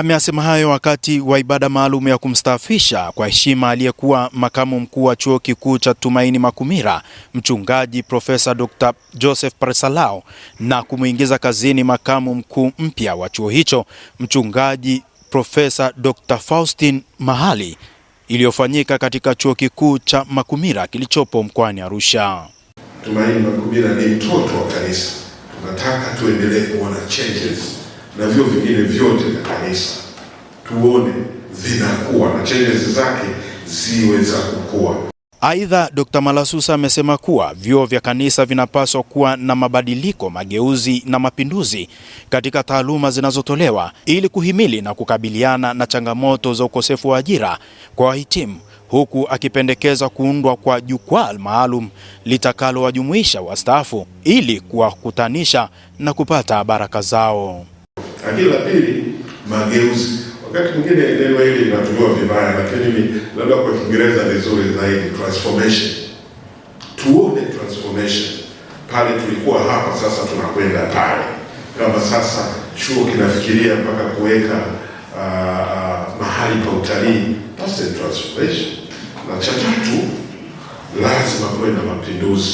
ameasema hayo wakati wa ibada maalum ya kumstaafisha kwa heshima aliyekuwa makamu mkuu wa chuo kikuu cha Tumaini Makumira, mchungaji Profesa Dr. Joseph Presalao, na kumwingiza kazini makamu mkuu mpya wa chuo hicho, mchungaji Profesa Dr. Faustin Mahali, iliyofanyika katika chuo kikuu cha Makumira kilichopo mkoani Arusha. Tumaini Makumira ni mtoto wa kanisa, tunataka tuendelee kuona changes na vyuo vingine vyote vya kanisa, tuone zinakuwa na challenges zake ziweza kukua. Aidha, Dr. Malasusa amesema kuwa vyuo vya kanisa vinapaswa kuwa na mabadiliko, mageuzi na mapinduzi katika taaluma zinazotolewa ili kuhimili na kukabiliana na changamoto za ukosefu wa ajira kwa wahitimu, huku akipendekeza kuundwa kwa jukwaa maalum litakalowajumuisha wastaafu ili kuwakutanisha na kupata baraka zao. Lakini la pili, mageuzi. Wakati mwingine neno hili linatumiwa vibaya, lakini labda kwa Kiingereza vizuri zaidi, transformation. Tuone transformation pale tulikuwa hapa, sasa tunakwenda pale. Kama sasa chuo kinafikiria mpaka kuweka uh, uh, mahali pa utalii, that's a transformation. Na cha tatu, lazima kuwe na mapinduzi.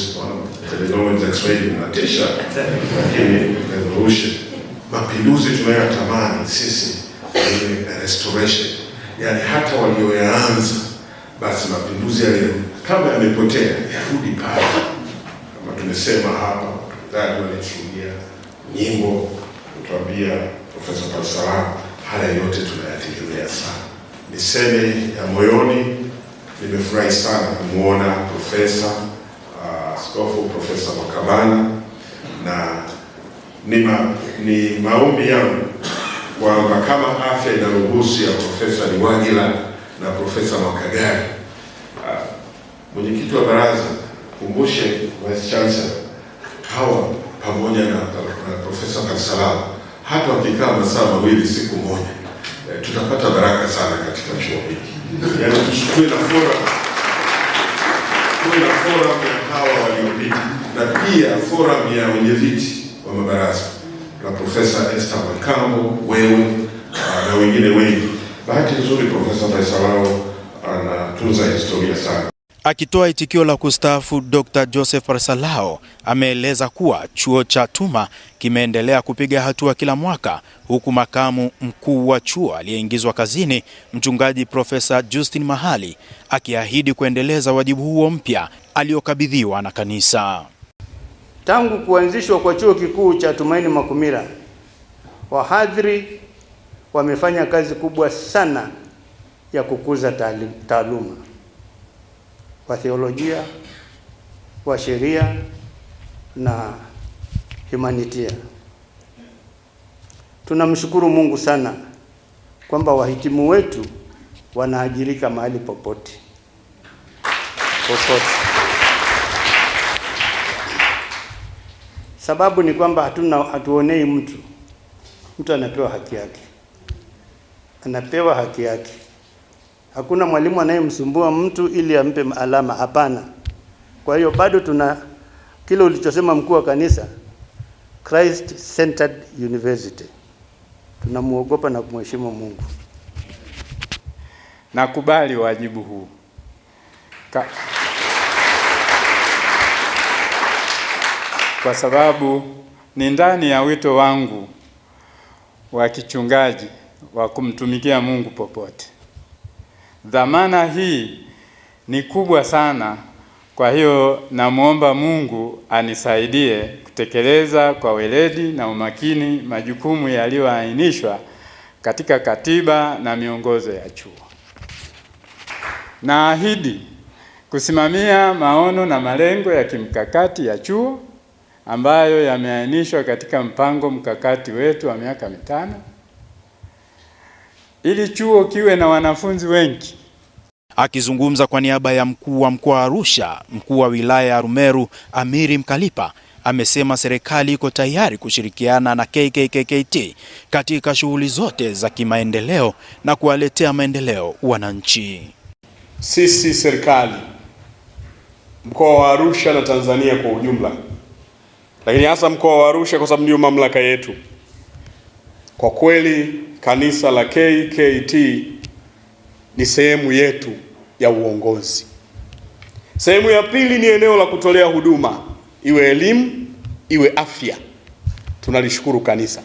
Terminology za Kiswahili inatisha, lakini revolution mapinduzi tunayotamani sisi ni restoration, yani hata walioyaanza basi mapinduzi yale kama yamepotea yarudi pale, kama tumesema hapa, dadi walitushuhudia nyimbo kutuambia, Profesa Parsalamu, haya yote tunayategemea sana. Niseme ya moyoni, nimefurahi sana kumwona Profesa ah, Askofu Profesa Makabana na ni, ma, ni maombi yangu kwamba kama afya inaruhusu ya Profesa Liwagila na Profesa Mwakagari, ah, mwenyekiti wa baraza, kumbushe Vice Chancellor hawa pamoja na, na Profesa Kansalao hata wakikaa masaa mawili siku moja e, tutapata baraka sana katika chuo hiki. Yaani tuwe na fora, tuwe na ya hawa waliopita na pia fora ya wenyeviti wa mabaraza na Profesa Esther makambo wewe ah, na wengine wengi. Bahati nzuri Profesa Faisalao anatunza historia sana. Akitoa itikio la kustaafu, Dr. Joseph Parsalao ameeleza kuwa chuo cha Tuma kimeendelea kupiga hatua kila mwaka, huku makamu mkuu wa chuo aliyeingizwa kazini mchungaji Profesa Justin Mahali akiahidi kuendeleza wajibu huo mpya aliokabidhiwa na kanisa. Tangu kuanzishwa kwa chuo kikuu cha Tumaini Makumira, wahadhiri wamefanya kazi kubwa sana ya kukuza taaluma wa theolojia, wa sheria na humanitia. Tunamshukuru Mungu sana kwamba wahitimu wetu wanaajirika mahali popote popote. Sababu ni kwamba hatuna, hatuonei mtu. Mtu anapewa haki yake, anapewa haki yake. Hakuna mwalimu anayemsumbua mtu ili ampe alama, hapana. Kwa hiyo bado tuna kile ulichosema mkuu wa kanisa, Christ centered university. Tunamuogopa na kumheshimu Mungu. Nakubali wajibu huu Ka kwa sababu ni ndani ya wito wangu wa kichungaji wa kumtumikia Mungu popote. Dhamana hii ni kubwa sana, kwa hiyo namwomba Mungu anisaidie kutekeleza kwa weledi na umakini majukumu yaliyoainishwa katika katiba na miongozo ya chuo. Naahidi kusimamia maono na malengo ya kimkakati ya chuo ambayo yameainishwa katika mpango mkakati wetu wa miaka mitano ili chuo kiwe na wanafunzi wengi. Akizungumza kwa niaba ya mkuu wa mkoa wa Arusha, mkuu wa wilaya ya Rumeru Amiri Mkalipa amesema serikali iko tayari kushirikiana na KKKKT katika shughuli zote za kimaendeleo na kuwaletea maendeleo wananchi. Sisi serikali mkoa wa Arusha na Tanzania kwa ujumla lakini hasa mkoa wa Arusha kwa sababu ndio mamlaka yetu. Kwa kweli kanisa la KKT ni sehemu yetu ya uongozi. Sehemu ya pili ni eneo la kutolea huduma, iwe elimu, iwe afya. Tunalishukuru kanisa.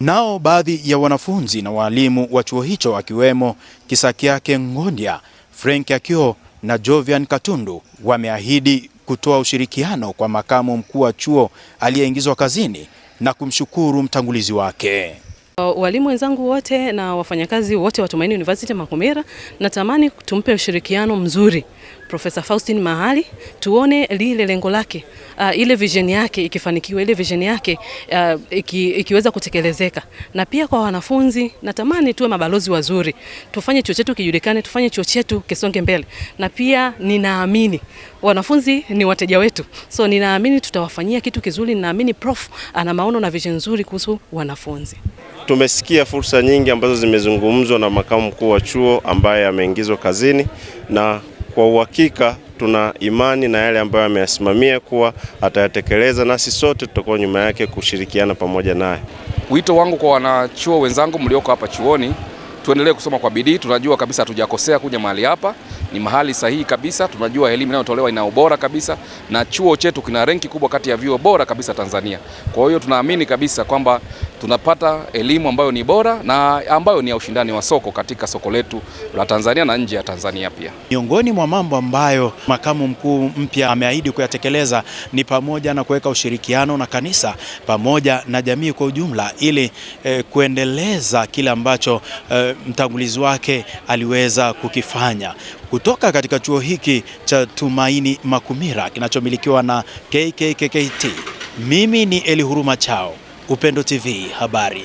Nao baadhi ya wanafunzi na waalimu wa chuo hicho akiwemo Kisakiake Ngondia, Frank Akio na Jovian Katundu wameahidi kutoa ushirikiano kwa makamu mkuu wa chuo aliyeingizwa kazini na kumshukuru mtangulizi wake. Uh, walimu wenzangu wote na wafanyakazi wote wa Tumaini University Makumira, natamani tumpe ushirikiano mzuri Profesa Faustin Mahali tuone lile lengo lake, uh, ile vision yake ikifanikiwa, ile vision yake uh, iki, ikiweza kutekelezeka. Na pia kwa wanafunzi, natamani tuwe mabalozi wazuri, tufanye chuo chetu kijulikane, tufanye chuo chetu kisonge mbele. Na pia ninaamini wanafunzi ni wateja wetu, so ninaamini tutawafanyia kitu kizuri. Ninaamini prof ana maono na vision nzuri kuhusu wanafunzi. Tumesikia fursa nyingi ambazo zimezungumzwa na makamu mkuu wa chuo ambaye ameingizwa kazini na kwa uhakika tuna imani na yale ambayo ameyasimamia kuwa atayatekeleza, nasi sote tutakuwa nyuma yake kushirikiana pamoja naye. Wito wangu kwa wanachuo wenzangu mlioko hapa chuoni, tuendelee kusoma kwa bidii. Tunajua kabisa hatujakosea kuja mahali hapa, ni mahali sahihi kabisa. Tunajua elimu inayotolewa ina ubora kabisa, na chuo chetu kina renki kubwa kati ya vyuo bora kabisa Tanzania. Kwa hiyo tunaamini kabisa kwamba tunapata elimu ambayo ni bora na ambayo ni ya ushindani wa soko katika soko letu la Tanzania na nje ya Tanzania pia. Miongoni mwa mambo ambayo makamu mkuu mpya ameahidi kuyatekeleza ni pamoja na kuweka ushirikiano na kanisa pamoja na jamii kwa ujumla ili eh, kuendeleza kile ambacho eh, mtangulizi wake aliweza kukifanya kutoka katika chuo hiki cha Tumaini Makumira kinachomilikiwa na kkkkt Mimi ni Elihuruma Chao, Upendo TV habari.